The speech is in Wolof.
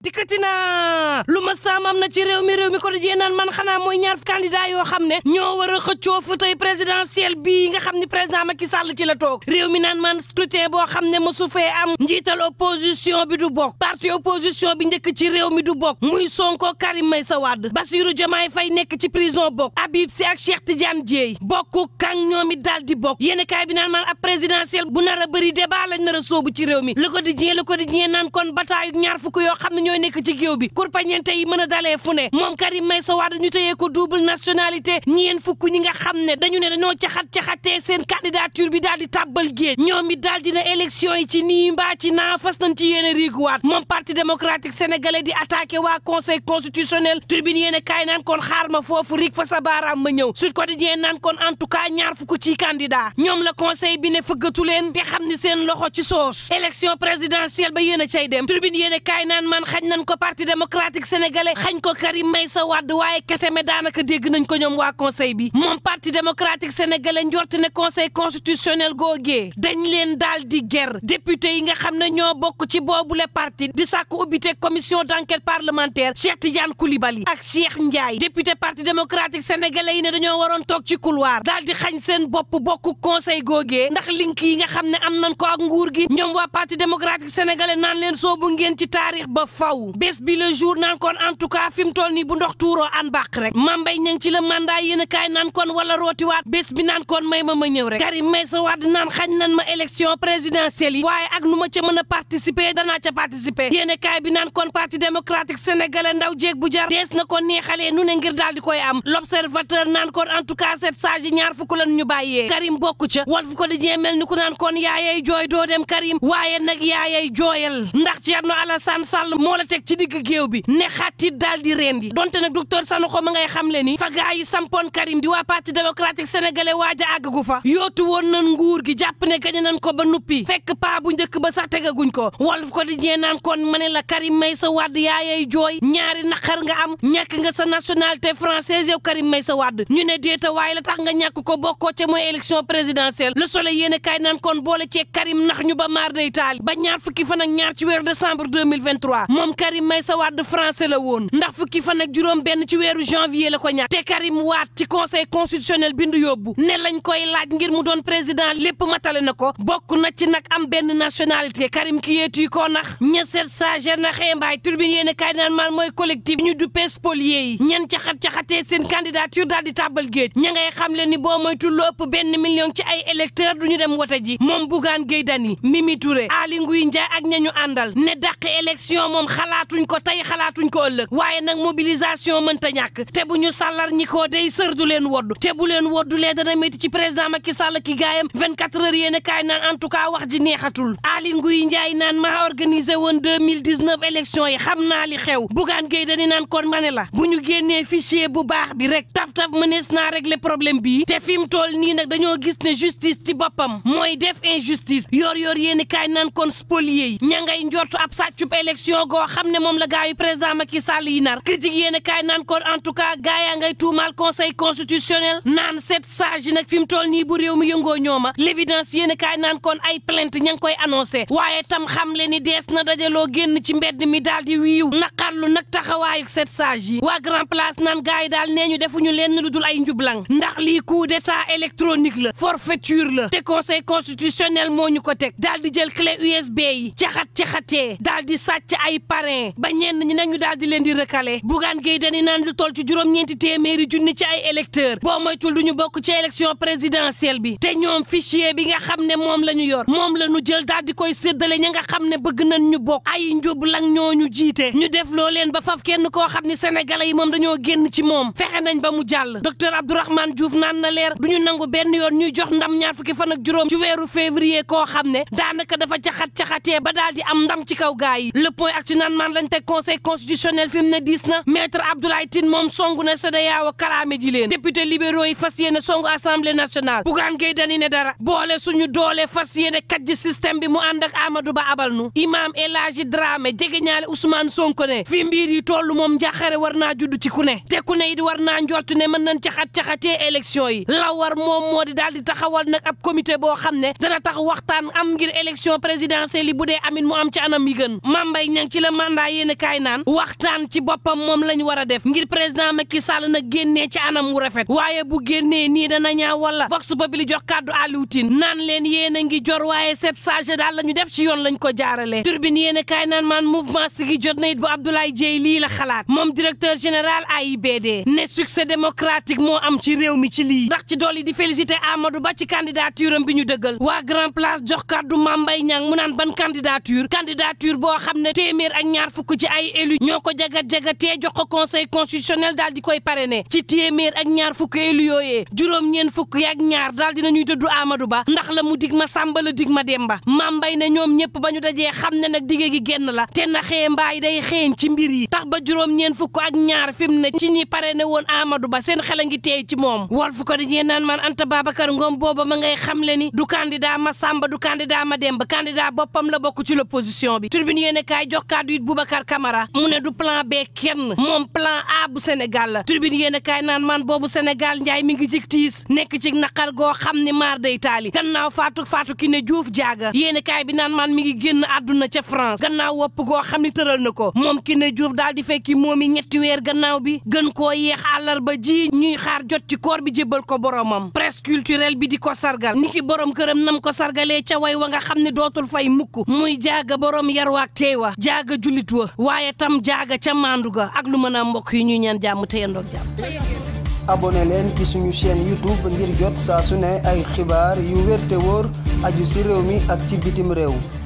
dikkati naa lu ma saamam na ci réew mi réew mi ko dajee naan man xanaa mooy ñaar candidat yoo xam ne ñoo war a xëccoo fauteuil présidentiel bii nga xam ne président Macky Sall ci la toog réew mi naan man scrutin boo xam ne mosu fee am njiital opposition bi du bokk parti opposition bi njëkk ci réew mi du bokk muy Sonko Karim Meïssa Wade Bassirou Diomaye fay nekk ci prison bokk Habib Sy ak Cheikh Tidiane Dièye bokk kan ñoom it daal di bokk yéen kaay bi naan man ab présidentiel bu nar a bëri débat lañ nar a soobu ci mi Le Quotidien Le Quotidien kon bataayu ñaar ñooy nekk ci géew bi kurpañente yi mën a dalee fu ne moom Karim Meïssa Wade ñu tëyee ko double nationalité fukk ñi nga xam ne dañu ne dañoo caxat-caxatee seen candidature bi daal di tàbbal géej ñoom it daal dina élection yi ci nii mbaa ci naa fas nañ ci yéen a riiguwaat moom parti démocratique sénégalais di attaqué waa conseil constitutionnel tribune yéen a kon xaar foofu rig fa sa baaraam ma ñëw Sud Quotidien naan kon en ñaar fukk ci candidat ñoom la conseil bi ne fëggatu leen te xam ni seen loxo ci a xañ nañ ko parti démocratique sénégalais xañ ko Karim Meïssa Wade waaye keteme daanaka dégg nañ ko ñoom waa conseil bi moom parti démocratique sénégalais njort ne conseil constitutionnel googee dañ leen daal di ger député yi nga xam ne ñoo bokk ci boobule parti di sàkku ubbite commission d'enquête parlementaire Cheikh Tidiane Koulibaly ak Cheikh Ndiaye député parti démocratique sénégalais yi ne dañoo waroon toog ci couloir daal di xañ seen bopp bokk conseil googee ndax link yi nga xam ne am nañ ko ak nguur gi ñoom waa parti démocratique sénégalais naan leen soobu ngeen ci taarix ba fa faw bés bi le jour naan kon en tout cas fi bu ndox tuuroo an bàq rek mambay ñang ci la mandat yéen a kaay naan kon wala rootiwaat bés bi naan kon may ma ma rek Karim Meïssa Wade naan xañ nan ma élection présidentielle waaye ak nu ma mën a participer ca participer yéen a kaay bi naan kon parti démocratique sénégalais ndaw jéeg bu jar dees na ko neexalee nu ne ngir daal di koy am l'observateur naan kon en tout cas ñaar fukk ku naan kon yaayay jooy doo Karim la teg ci digg géew bi ne xattit daal di reen rendi donte nag docteur Sanoxo ma ngay xam le ni fa gaa yi sampoon Karim di waa parti démocratique sénégalais waaja àggagu fa yootu woon nan nguur gi jàpp ne gañe nan ko ba nuppi fekk paa bu njëkk ba sax tegaguñ ko Walf Quotidien naan kon ma ne la Karim sa Wade yaayay jooy ñaari naqar nga am ñàkk nga sa nationalité française yow Karim sa Wade ñu ne déeta waaye la tax nga ñàkk ko bokkoo ca mooy élection présidentielle Le Soleil yéen a kaay kon boole cee Karim nax ñu ba maar day taali ba ñaar fukki fan ak ñaar ci weeru décembre 2023 moom Karim Meïssa Wade la woon ndax fukki fan ak juróom benn ci weeru janvier la ko ñàkk te Karim waat ci conseil constitutionnel bindu yóbbu ne lañ koy laaj ngir mu doon président lépp matale na ko bokk na ci nag am benn nationalité Karim ki yeetuy koo nax ña seet sager na xeembaay turbine yéen a kaay naan maan mooy collectif ñu duppee spolié yi ñan caxat caxatee seen candidature daal di tàbbal géej ña ngay xam le ni boo moy lu ëpp benn million ci ay électeurs ñu dem wote ji moom Bougane Gueye Dany Mimi Touré Aly Ngouille Ndiaye ak ñañu àndal ne dàq élection moom xalaatuñ ko tey xalaatuñ ko ëllëg waaye nag mobilisation mënta ñàkk te bu ñu sàllar ñi koo day sër leen wodd te bu leen woddulee dana métti ci président Macky Sall ki gaayam 24 heures yéen a en tout cas wax ji neexatul Aly Ngouille Ndiaye naan maa organisé woon 2019 élection yi xam naa li xew Bougane Gueye dani naan kon ma ne la bu ñu génnee fichier bu baax bi rek taf-taf mënees naa regle problème bi te fi mu toll nii nag dañoo gis ne justice ci boppam mooy def injustice yor yor yéen i kaay naan kon yi ña ngay njortu ab sàccub élection goo xam ne moom la gars yi président Macky Sall yi nar critique yéen kaay naan kon en tout cas gars yaa ngay tuumaal conseil constitutionnel naan sept sages yi nag fi mu toll nii bu réew mi yëngoo ñooma l' évidence yéen kaay naan kon ay plainte ña ngi koy annoncé waaye tam xam le ni dees na dajaloo génn ci mbedd mi daal di wiiw naqarlu nag taxawaayu sept sages yi waa grand place naan gars yi daal nee ñu defuñu lenn lu dul ay njublan ndax lii coup d' état électronique la forfaiture la te conseil constitutionnel moo ñu ko teg daal di jël clé USB yi caxat caxatee daal di sàcc ay parrain ba ñenn ñi nag ñu daal di leen di recalé Bougane Gueye Dany naan lu toll ci juróom-ñeenti téeméeri junni ci ay électeur boo moytul du ñu bokk ci élection présidentielle bi te ñoom fichier bi nga xam ne moom la ñu yor moom la ñu jël daal di koy séddale ña nga xam ne bëgg nañ ñu bokk ay njub lang ñoo ñu jiite ñu def loo leen ba faf kenn koo xam ne sénégalais yi moom dañoo génn ci moom fexe nañ ba mu jàll docteur Abdourahmane Diouf naan na leer du ñu nangu benn yoon ñuy jox ndam ñaar fukki fan ak juróom ci weeru février koo xam ne daanaka dafa caxat caxatee ba daal am ndam ci kaw gaay naan man lañ te conseil constitutionnel fi mu ne diis na maître Abdoulaye Tine moom songu na CEDEAO kalaame ji leen député libéraux yi fas yéene songu assemblée nationale bugaan ngay dani ne dara boole suñu doole fas yéene kàjji système bi mu ànd ak Amadou Ba abal nu imaam El Hadji Dramé jege ñaale Ousmane Sonko ne fii mbiir yi toll moom njaaxare war naa judd ci ku ne te ku ne it war naa njort ne mën nañ caxat caxatee élection yi la war moom moo di daal di taxawal nag ab comité boo xam ne dana tax waxtaan am ngir élection présidentielle yi bu dee amin mu am ci anam yi le mandat yéen a kaay naan waxtaan ci boppam moom lañ war a def ngir président Macky Sall na génnee ci anam wu rafet waaye bu génnee nii dana ñaaw wala vox populi jox kàddu Aliou Tine naan leen yéen a ngi jor waaye set sage daal la ñu def ci yoon lañ ko jaarale turbine yéen a kaay naan maan mouvement si gi jot na it bu Abdoulaye Dieye lii la xalaat moom directeur général AIBD ne succès démocratique moo am ci réew mi ci lii ndax ci dool yi di félicité Amadou Ba ci candidature am bi ñu dëggal waa Grand jox kàddu Mame Mbaye Niang mu naan ban candidature candidature boo xam ne ak ñaar fukk ci ay élu ñoo ko jagat-jagatee jox ko conseil constitutionnel daal di koy parrainé ci téeméer ak ñaar fukk élu yooyee juróom-ñeen fukk ak ñaar daal ñuy dëddu Amadou Ba ndax la mu dig ma Samba la dig ma Demba mambay ne ñoom ñëpp ba ñu dajee xam ne nag digée gi génn la te na xee mbaay day xeeñ ci mbir yi tax ba juróom-ñeen fukk ak ñaar fi mu ne ci ñi parrainé woon Amadou Ba seen xel a ngi teey ci moom Walf Quotidien naan man Anta Babacar Ngom booba ma ngay xam le ni du candidat ma Samba du candidat ma Demba candidat boppam la bokk ci l'opposition bi produit Boubacar Camara mu ne du plan B kenn moom plan A bu Sénégal la tribune yéen kaay naan man boobu Sénégal njaay mi ngi ci tiis nekk ci naqar goo xam ni maar day taali gannaaw Fatou Fatou Kiné Diouf jaaga yéen a kaay bi naan man mi ngi génn àdduna ca France gannaaw wopp goo xam ni tëral na ko moom Kiné Diouf daal di fekki moom i ñetti weer gannaaw bi gën koo yeex àllarba ji ñuy xaar jot ci koor bi jébbal ko boromam presse culturelle bi di ko sargal ni ki borom këram nam ko sargalee ca way wa nga xam ne dootul fay mukk jullit wa waaye tam jaaga ca maandu ga ak lu mën a mbokk yi ñuy ñaan jàmm te yendoog jàmm abonné leen ci suñu chaîne youtube ngir jot saa su ne ay xibaar yu wér te wóor aju ci réew mi ak ci bitim réew